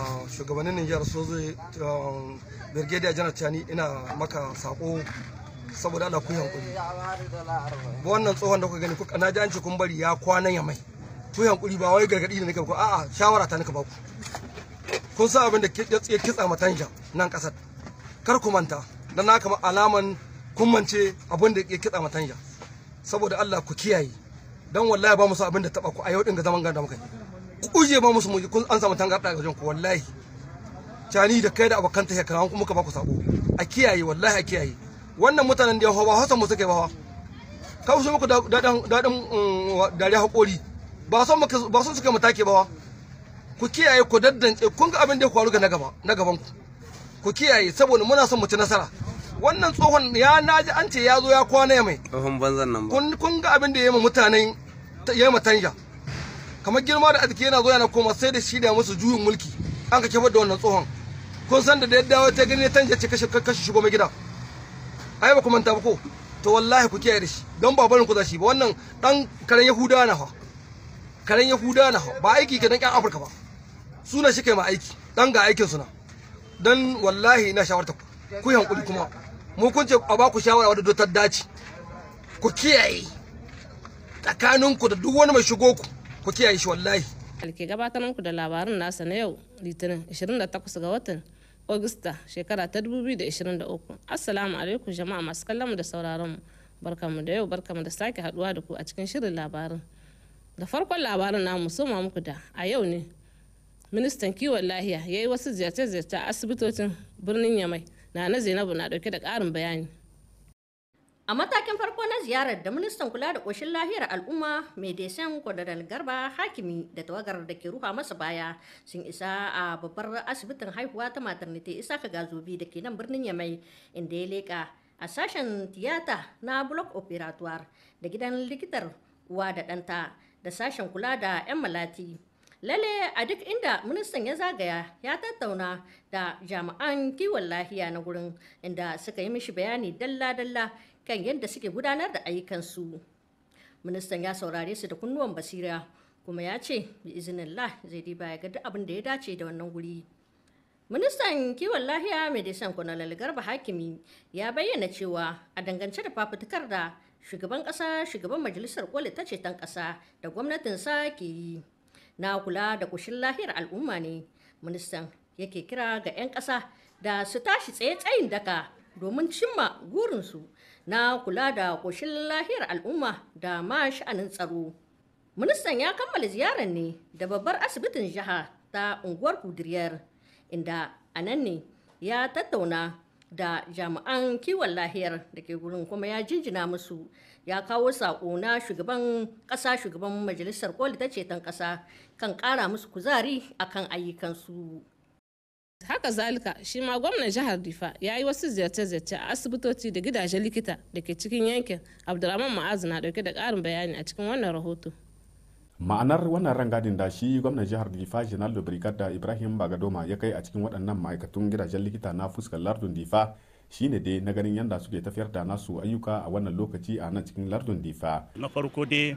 Uh, shugabannin Nijar so zai uh, birgediya janar cani ina maka sako saboda Allah ku hankuri wannan tsohon da kuka gani kuka naji an ce kun bari ya kwana ya mai ku yankuri ba wai gargadi ne nake ku a'a shawara ta ba ku. kun san abin da ya kitsa tanja nan kasar kar ku manta dan na kamar alaman kun mance abin da ya kitsa tanja saboda Allah ku kiyaye dan wallahi ba mu sa abin da taba ku a yau din ga zaman ganda muka yi kuje ma musu muji kun an samu tangarda ga ku wallahi cani da kai da abokan ta shekara kuma ka baku sako a kiyaye wallahi a kiyaye wannan mutanen da yawa ba hausa mu suke ba ka kusa muku dadan dadan mm, dariya hakori ba son muka ba son suka mutake ba ku kiyaye ku daddance kun ga abin da ya faru ga na gaba na gaban ku ku kiyaye saboda muna son mu ci nasara wannan tsohon ya naji an ce ya zo ya kwana ya mai tsohon banzan nan ba kun ga abin da ya yi mutanen ya yi matanja kamar girma da arziki yana zuwa yana koma sai da shi da musu juyin mulki an ka kefar da wannan tsohon kun san da da yadda ta gani ta ce kashe kashe shugo mai gida ai ba ku manta ba ko to wallahi ku kiyaye da shi don ba barin ku za shi ba wannan dan karen yahuda na ha karen yahuda na ha ba aiki dan kan afirka ba suna shi kai ma aiki dan ga aikin suna dan wallahi ina shawarta ku ku hankuli kuma mu kun ce a ba ku shawara wadda dotar dace ku kiyaye tsakaninku da duk wani mai shigo ku ku kiyaye shi wallahi alke gabatar muku da labarin nasa na yau litinin 28 ga watan Agusta shekara ta 2023. Assalamu alaikum jama'a masu kallon mu da sauraron mu. Barkamu da yau barkamu da sake haduwa da ku a cikin shirin labarin. Da farkon labarin namu soma muku da a yau ne. Ministan kiwon lahiya ya yi wasu ziyarce-ziyarce a asibitocin birnin Yamai. na na Zainabu na dauke da karin bayani. a matakin farko na ziyarar da ministan kula da ƙoshin lahiyar al'umma mai desen kwadadal garba hakimi da tawagar da ke ruha masa baya sun isa a babbar asibitin haihuwa ta maternity isaka gazobi da ke nan birnin yamai inda ya leka a sashen tiyata na block operatoire da gidan likitar uwa da ɗanta da sashen kula da 'yan malati lalle a duk inda ministan ya zagaya ya tattauna da jami'an kiwon lahiya na gurin inda suka yi mishi bayani dalla-dalla kan yadda suke gudanar da ayyukansu ministan ya saurare su da kunnuwan basira kuma ya ce bi izinillah zai ba ya ga duk abin da ya dace da wannan guri ministan kiwon lahiya medecin kwanalal garba hakimi ya bayyana cewa a dangance da fafutukar da shugaban kasa shugaban majalisar koli ta ceton kasa da gwamnatinsa ke yi na kula da kushin lahiyar al'umma ne ministan yake kira ga 'yan kasa da su tashi tsaye tsayin daka domin cimma gurinsu na kula da ƙoshin lahiyar al'umma da ma sha'anin tsaro. Ministan ya kammala ziyarar ne da babbar asibitin jiha ta unguwar Kudiriyar inda a nan ne ya tattauna da jami'an kiwon lahiyar da ke gurin kuma ya jinjina musu ya kawo saƙo na shugaban ƙasa shugaban majalisar koli ta ceton ƙasa kan ƙara musu kuzari akan ayyukansu haka zalika shi ma gwamnan jihar difa ya yi wasu ziyarce-ziyarce a asibitoci da gidajen likita da ke cikin yankin abdulrahman ma'azu na dauke da karin bayani a cikin wannan rahoto ma'anar wannan rangadin da shi gwamnan jihar difa general da brigada ibrahim bagadoma ya kai a cikin waɗannan ma'aikatun gidajen likita na fuskar lardun difa shine dai na ganin yadda suke tafiyar da nasu ayyuka a wannan lokaci a nan cikin lardun difa na farko dai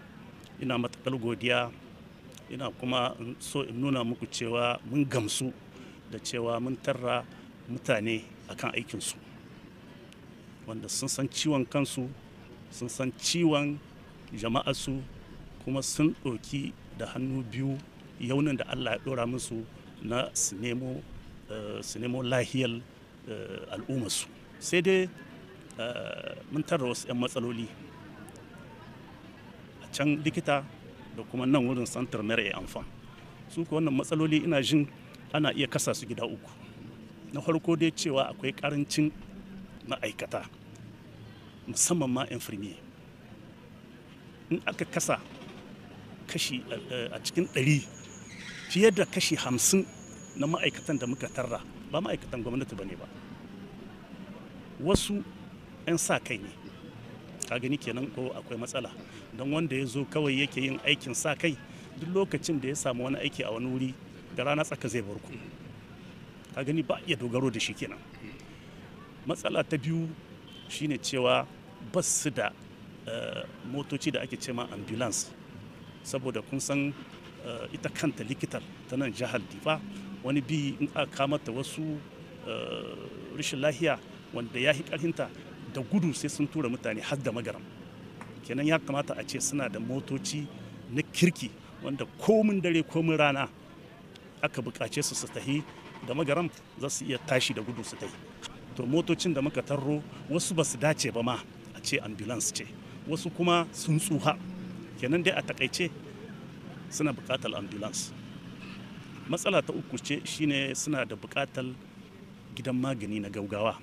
ina matakar godiya ina kuma so in nuna muku cewa mun gamsu da cewa mun tarra mutane a kan aikinsu wanda sun san ciwon kansu sun san ciwon jama'arsu kuma sun ɗoki da hannu biyu yaunin da allah ya ɗora musu na su nemo eh, lahiyar eh, al'ummarsu sai dai eh, mun tarra wasu 'yan matsaloli a can likita da kuma nan wurin santar mara amfan su ku wannan matsaloli ina jin ana iya kasa su gida uku na farko dai cewa akwai karancin ma'aikata musamman ma infirmiye in aka kasa kashi eh, a cikin ɗari fiye da kashi hamsin na ma'aikatan da muka tarra ba ma'aikatan gwamnati ba ne ba wasu 'yan sa kai ne ka gani kenan ko akwai matsala don wanda ya zo kawai yake yin aikin sa kai duk lokacin da ya samu wani aiki a wani wuri da rana tsaka zai bar ku ka gani ba iya dogaro da shi kenan matsala ta biyu shine cewa bas su da eh, motoci da ake cema ambulance saboda kun san eh, ita kanta likitar ta nan jihar difa wani bi in aka kamata wasu eh, rashin lahiya wanda ya yi karhinta da gudu sai sun tura mutane har da magaram kenan ya kamata a ce suna da motoci na kirki wanda komin dare komin rana aka buƙace su su tahi da magaram za su iya tashi da gudu su tahi to motocin da muka tarro wasu ba su dace ba ma a ce ambulance ce wasu kuma sun tsuha kenan dai a takaice suna buƙatar ambulance matsala ta uku ce shine suna da buƙatar gidan magani na gaugawa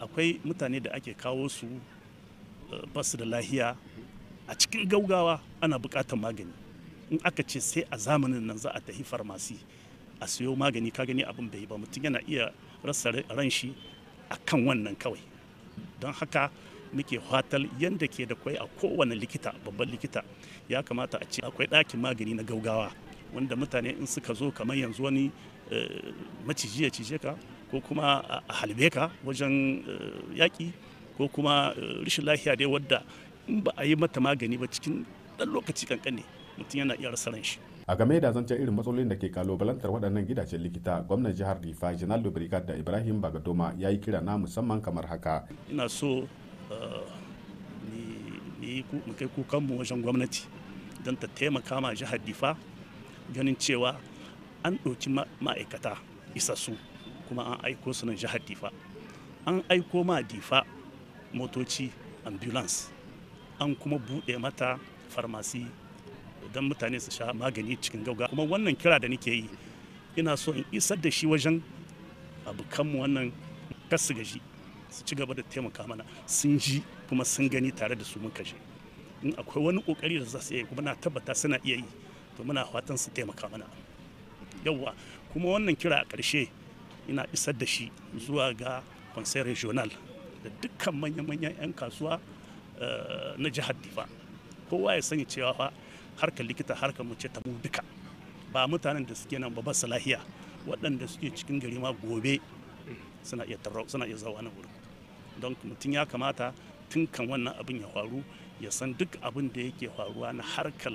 akwai mutane da ake kawo su eh, basu da lahiya a cikin gaugawa ana buƙatar magani in aka ce sai a zamanin nan za a tafi farmasi a siyo magani ka gani abin bai ba mutum yana iya rasa ran shi a kan wannan kawai don haka muke hatal yadda ke da kwai a kowane likita babban likita ya kamata a ce akwai ɗakin magani na gaugawa wanda mutane in suka zo kamar yanzu wani eh, maciji ya cije ka ko kuma a halbe ka wajen eh, yaƙi ko kuma eh, rashin lafiya dai wadda in ba a yi mata magani ba cikin ɗan lokaci kankan ne mutum yana iya rasa shi a game da zancen irin matsalolin da ke kalubalantar waɗannan gidajen likita gwamnan jihar rifa jinaldo brigad da ibrahim bagadoma ya yi kira na musamman kamar haka ina so eh, mu kai mu wajen gwamnati don ta taimaka ma jihar difa ganin cewa an ɗauki ma'aikata isassu kuma an aiko su nan jihar difa an aiko ma difa motoci ambulance an kuma buɗe mata farmasi don mutane su sha magani cikin gauga kuma wannan kira da nake yi ina so in isar da shi wajen abokanmu wannan kasu gaji su ci gaba da taimaka mana sun ji kuma sun gani tare da su mun kashe in akwai wani kokari da za su yi kuma na tabbata suna iya yi to muna fatan su taimaka mana yawwa kuma wannan kira a ƙarshe ina isar da shi zuwa ga conseil regional da dukkan manya-manyan 'yan kasuwa eh, na jihar difa kowa ya sani cewa fa harkar likita harkar mace ta mu duka ba mutanen da suke nan ba salahiya lahiya waɗanda suke cikin gari ma gobe suna iya tarau suna iya zawa nan wurin don mutum ya kamata tun kan wannan abin ya faru ya san duk abin da yake faruwa na harkar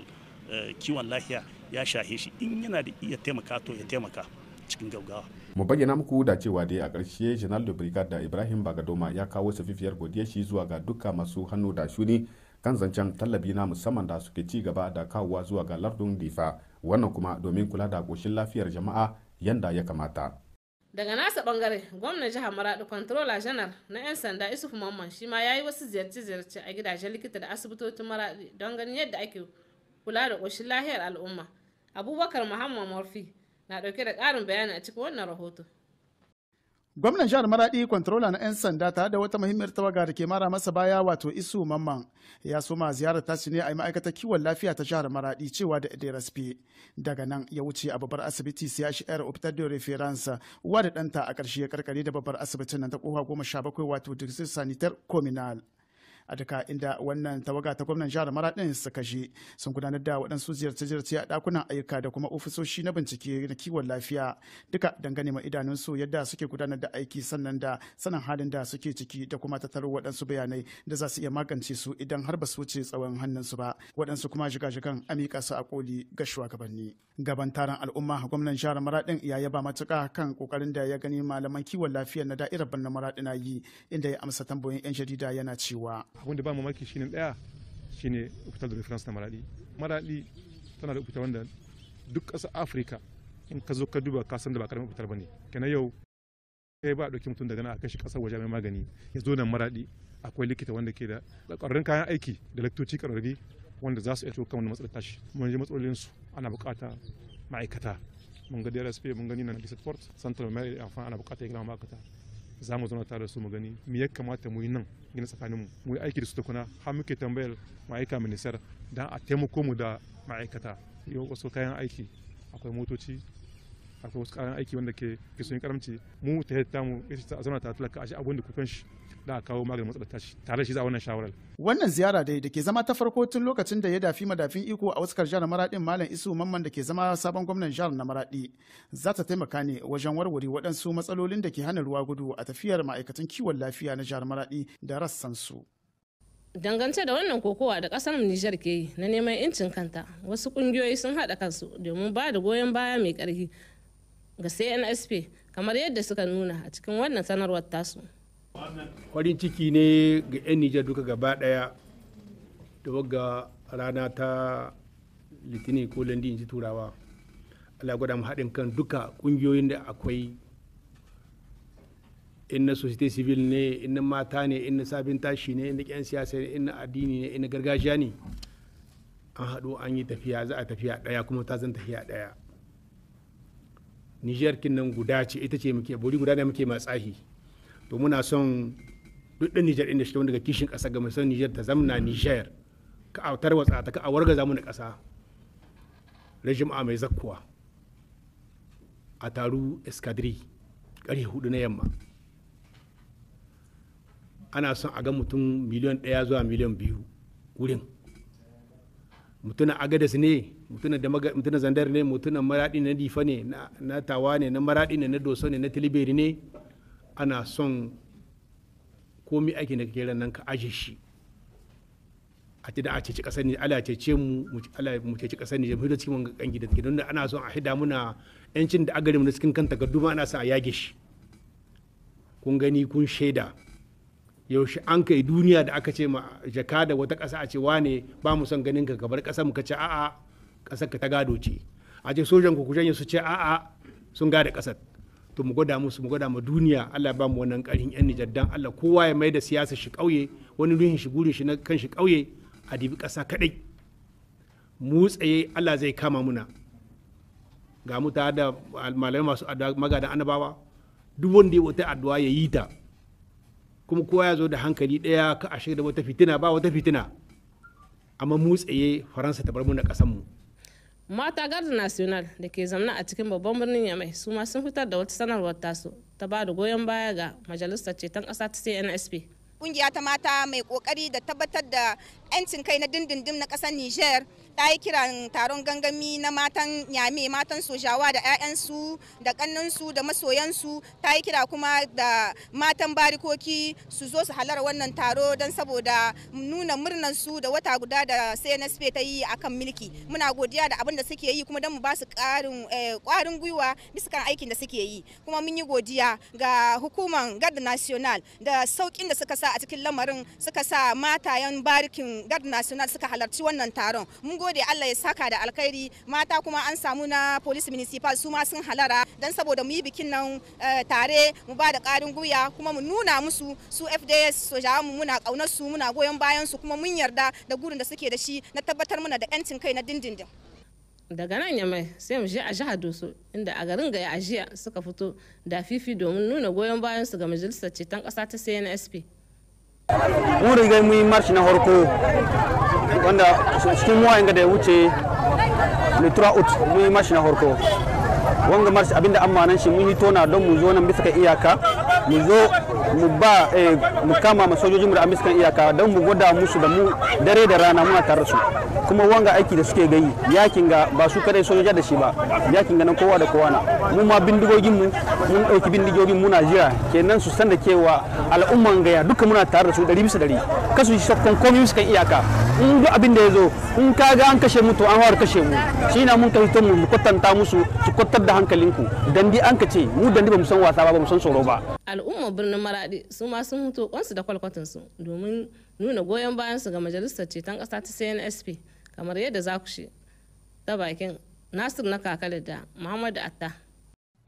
eh, kiwon lahiya ya shahe shi in yana da iya taimaka to ya taimaka cikin gaugawa. mu bayyana muku da cewa dai a ƙarshe brigad da ibrahim bagadoma ya kawo safifiyar godiyar shi zuwa ga duka masu hannu da shuni kan zancen tallabi na musamman da suke ci gaba da kawowa zuwa ga lardun difa wannan kuma domin kula da koshin lafiyar jama'a yanda ya kamata daga nasa bangare gwamnan jihar maradi controller janar na 'yan sanda isuf mamman shi ma ya yi wasu ziyarce-ziyarce a gidajen likita da asibitocin maradi don ganin yadda ake kula da ƙoshin lahiyar al'umma abubakar muhammad morfi na ɗauke da ƙarin bayani a cikin wannan rahoto Gwamnan jihar Maradi kwantarola na 'yan sanda ta da wata muhimmiyar tawaga da ke mara masa baya wato isu mamman ya soma ziyarar tashi ne a ma'aikatar kiwon lafiya ta jihar Maradi cewa da DRSP daga nan ya wuce a babbar asibiti shi yar Hospital de Reference uwa da ɗanta a ƙarshe ya karkare da babbar asibitin nan ta kofa goma sha bakwai wato District Sanitar Communal. a duka inda wannan tawaga ta gwamnan jihar maradin suka je sun gudanar da waɗansu ziyarce-ziyarce a ɗakunan ayyuka da kuma ofisoshi na bincike na kiwon lafiya duka dangane ma idanunsu yadda suke gudanar da aiki sannan da sanin halin da suke ciki da kuma tattaro waɗansu bayanai da za su iya magance su idan har ba su wuce tsawon hannun su ba waɗansu kuma shiga-shigan amika su a koli ga shugabanni gaban taron al'umma gwamnan jihar maradin ya yaba matuka kan ƙoƙarin da ya gani malaman kiwon lafiya na da'irar birnin maradina yi inda ya amsa tambayoyin 'yan jarida yana cewa abinda ba mamaki shine daya shine hospital de reference na maradi maradi tana da hospital wanda duk ƙasar afirka in ka zo ka duba ka san da ba karamin hospital bane kenan yau sai eh, ba a ɗauki mutum daga nan a kashi ƙasar waje mai magani ya zo nan maradi akwai likita wanda ke da ƙwararrun kayan aiki da laktoci ƙwararri wanda za su iya tuka wani matsalar tashi mun ji matsalolin su ana buƙata ma'aikata mun ga DRSP mun gani na Lisset Port Central mai amfani ana buƙata ya gina ma'aikata za mu zauna tare da su mu gani me ya kamata mu yi nan gina tsakanin mu mu yi aiki da su tukuna har muke tambayar ma'aika minisar dan a taimako mu da ma'aikata yau wasu kayan aiki akwai motoci akwai wasu kayan aiki wanda ke ke sun karamci mu ta yadda mu ita ta zauna tare talaka a shi abin da kukan shi da kawo maganin matsalar tashi tare shi za wannan shawarar. Wannan ziyara dai da ke zama ta farko tun lokacin da ya dafi madafin iko a wasu jihar Maraɗin Malam Isu Mamman da ke zama sabon gwamnan jihar na Maraɗi za ta taimaka ne wajen warware waɗansu matsalolin da ke hana ruwa gudu a tafiyar ma'aikatan kiwon lafiya na jihar Maraɗi da rassan su. dangance da wannan kokowa da kasar Nijar ke yi na neman incin kanta wasu ƙungiyoyi sun haɗa kansu domin ba da goyon baya mai ƙarfi ga CNSP kamar yadda suka nuna a cikin wannan sanarwar tasu. farin ciki ne ga 'yan nijar duka gaba daya da wagga rana ta litini ko landi in ji turawa allah gwada mu haɗin kan duka ƙungiyoyin da akwai in na societe civil ne in na mata ne in na sabin tashi ne in na ƙyan siyasa ne in na addini ne in na gargajiya ne an haɗu an yi tafiya za a tafiya ɗaya kuma ta zan tafiya ɗaya nijar kinnan guda ce ita ce muke bori guda ne muke matsahi to muna son duk ɗan nijar inda shi daga kishin ƙasa ga san nijar ta zamna nijar ka a tarwatsa ta ka a wargaza mu da ƙasa rajim a mai zakkuwa a taru eskadri ƙarfe hudu na yamma ana son a ga mutum miliyan ɗaya zuwa miliyan biyu wurin mutunan agadas ne mutunan zandar ne mutunan maraɗi na difa ne na tawa ne na maraɗi ne na doso ne na tilibiri ne ana son komi ake da kera nan ka aje shi a ce da a ceci kasar Nijar ala cece mu Allah mu ceci kasar Nijar mu cikin wannan kangi da take don ana son a hida muna yancin da agari mu cikin kan takardu ma ana son a yage shi kun gani kun shaida yaushe an kai duniya da aka ce ma jaka da wata ƙasa a ce wane ba mu son ganin ka gabar ƙasar mu ka ce a'a kasar ka ta gado ce a ce sojan ku ku janye su ce a'a sun gada kasar to mu gwada musu mu gwada ma duniya Allah ya ba mu wannan karin yan Nijar dan Allah kowa ya mai da siyasa shi kauye wani ruhin shi gurin shi na kan shi kauye a dibi kasa kaɗai mu tsaye Allah zai kama muna ga mu da malamai masu magadan annabawa duk wanda ya wata addu'a ya yi ta kuma kowa ya zo da hankali daya ka ashe da wata fitina ba wata fitina amma mu tsaye faransa ta bar mu na kasan mu mata garda national da ke zamna a cikin babban birnin yamai su ma sun fitar da wata sanarwar tasu ta ba da goyon baya ga majalisar ceton ƙasa ta cnsp kungiya ta mata mai kokari da tabbatar da 'yancin kai na dindindin na ƙasar niger ta yi kiran taron gangami na matan nyame matan sojawa da 'ya'yansu da kannansu da masoyansu ta yi kira kuma da matan barikoki su zo su halar wannan taro don saboda nuna murnansu da wata guda da cnsp ta yi akan milki muna godiya da abin da suke yi kuma don mu ba su eh, ƙwarin gwiwa bisa kan aikin da suke yi kuma mun yi godiya ga hukumar gard national da saukin da suka sa a cikin lamarin suka sa matayen barikin gard national suka halarci wannan taron mun gode Allah ya saka da alkhairi mata kuma an samu na police municipal su ma sun halara dan saboda mu yi bikin nan eh, tare mu ba da karin guya kuma mu nuna musu su FDS sojawan mu muna kaunar su muna goyon bayan su kuma mun yarda da gurin da suke da shi na tabbatar mana da 'yancin kai na dindindin. daga nan yamai sai mu je a jihar doso inda a garin gaya a jiya suka fito da fifi domin nuna goyon bayan su ga majalisar ceton kasa ta cnsp mun riga mun yi march na harko wanda cikin muwa inga da ya wuce litra ut mun yi march na harko wanga march abinda an nan shi mun yi tona don mu zo nan bisa ka iyaka mu zo mu ba eh, mu kama ma sojojin da amiskan iyaka don mu gwada musu da mu dare da rana muna tare su kuma wanga aiki da suke gayi yakin ga ba su kadai sojoja da shi ba yakin ga nan kowa da kowa na mu ma bindigogin mu mun dauki bindigogin muna jira kenan su san da cewa al'umman gaya duka muna tare da su 100 bisa 100 kasu shi sakon komai kan iyaka in duk abin da ya zo in ka ga an kashe mu an fara kashe mu shi na mun kai mu mu kwatanta musu su kwatar da hankalinku dandi an ka ce mu dandi ba mu san wasa ba ba mu san tsoro ba al'ummar birnin maradi su ma sun mutu kwansu da kwalkwatin su domin nuna goyon bayan su ga majalisar ceton kasa ta CNSP kamar yadda za ku shi ta bakin Nasir na kakala da Muhammadu Atta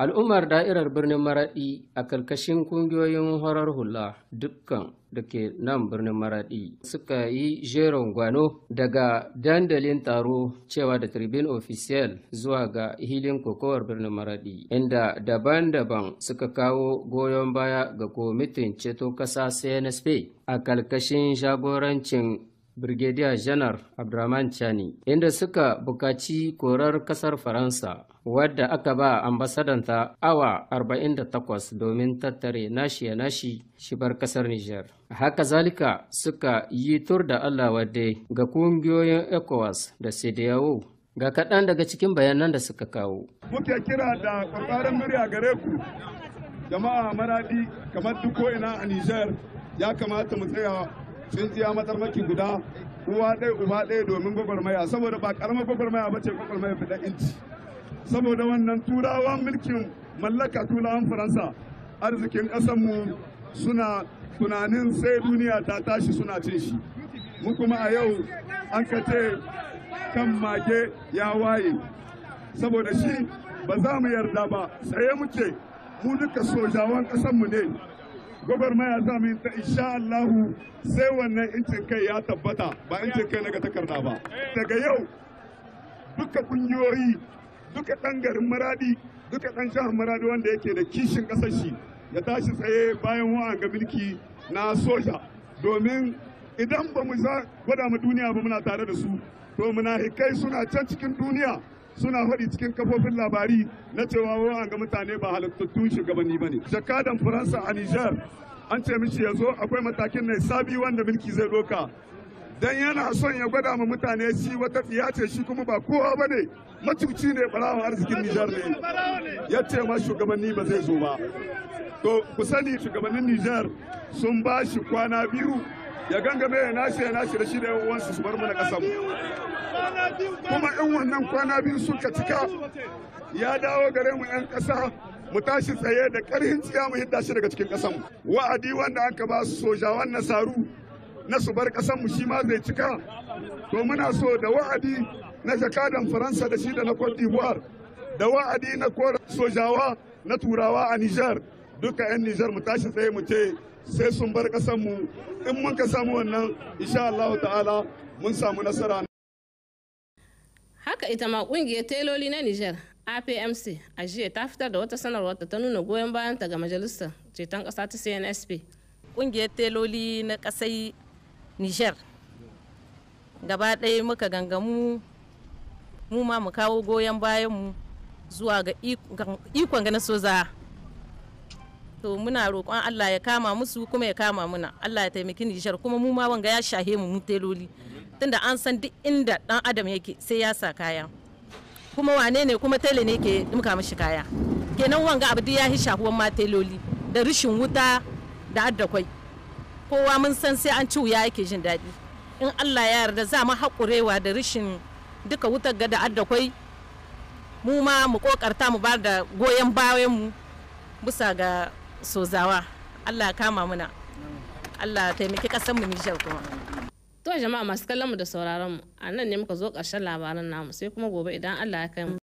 al'ummar da'irar birnin maraɗi a karkashin ƙungiyoyin horar hula dukkan da ke nan birnin maraɗi suka yi jeron gwano daga dandalin taro cewa da tribune official zuwa ga hilin kokowar birnin maraɗi inda daban-daban suka kawo goyon baya ga Komitin ceto ƙasa cnsp a karkashin jagorancin Brigadier Janar Abdurrahman Chani, inda suka bukaci korar kasar Faransa, wadda aka ba ambasadanta awa 48 domin tattare nashi ya nashi shibar kasar Nijar. Haka zalika suka yi tur da Allah wadde ga kungiyoyin ECOWAS da CDAO ga kaɗan daga cikin bayanan da suka kawo. Muke kira da kwakwaran murya gare ku, jama'a maradi kamar duk ko'ina a Nijar ya kamata mu tsaya tsintsiya maki guda uwa ɗaya uba ɗaya domin gwagwarmaya saboda ba karamar gwagwarmaya ba ce gwagwarmaya fita inci saboda wannan turawan mulkin mallaka turawan faransa arzikin ƙasarmu suna tunanin sai duniya ta tashi suna cin shi mu kuma a yau an ka kan mage ya waye saboda shi ba za mu yarda ba saye muke mu duka sojawan ƙasarmu ne gwagwarmaya za mu yi ta insha Allahu sai wannan incin kai ya tabbata ba incin kai na ga takarda ba daga yau duka kungiyoyi duka ɗan garin maradi duka ɗan jihar maradi wanda yake da kishin kasar shi ya tashi tsaye bayan wa'an ga mulki na soja domin idan ba mu gwada mu duniya ba muna tare da su to hikai suna can cikin duniya suna faɗi cikin kafofin labari na cewa wa ga mutane ba halittattu shugabanni ba ne jakadan faransa a niger an ce mishi ya zo akwai matakin ne sabi wanda mulki zai doka dan yana son ya gwada ma mutane shi wata tsiya ce shi kuma ba kowa ba ne matuci ne barawon arzikin nijar ne ya ce ma shugabanni ba zai zo ba to ku sani shugabannin nijar sun ba shi kwana biyu ya gangame ya nashi ya nashi da shi da uwansu su bar mu na ƙasa kuma in wannan kwana biyu suka cika ya dawo gare mu 'yan kasa mu tashi tsaye da ƙarhin tsiya mu hidda shi daga cikin ƙasan wa'adi wanda aka ba su wannan nasaru na su bar ƙasan mu shi ma zai cika to muna so da wa'adi na jakadan faransa da shi da na cote d'ivoire da wa'adi na sojawa na turawa a nijar duka 'yan niger mu tashi tsaye mu ce sai sun bar mu in mun ka samu wannan insha Allah ta'ala mun samu nasara haka ita ma kungiyar teloli na niger APMC a jiya ta fitar da wata sanarwa ta nuna goyon bayan ta ga majalisar ceton kasa ta CNSP kungiyar teloli na kasai niger gaba ɗaya muka gangamu mu ma mu kawo goyon bayan mu zuwa ga ikon ganin soza to muna roƙon Allah ya kama musu kuma ya kama muna Allah ya taimaki Nijar kuma mu ma wanga ya shahe mu mu teloli tunda an san duk inda dan adam yake sai ya sa kaya kuma wane ne kuma tele ne ke dumka mishi kaya kenan wanga abu ya hi shahuwan ma teloli da rishin wuta da addakwai kowa mun san sai an ci wuya yake jin daɗi in Allah ya yarda za mu haƙurewa da rishin duka wutar ga da addakwai mu ma mu kokarta mu ba da goyon bayan mu bisa ga sozawa allah kama muna allah taimaki mu nijar kuma to jama'a masu kallon mu da sauraron mu a nan ne muka zo ƙarshen labaran namu sai kuma gobe idan allah ya kai mu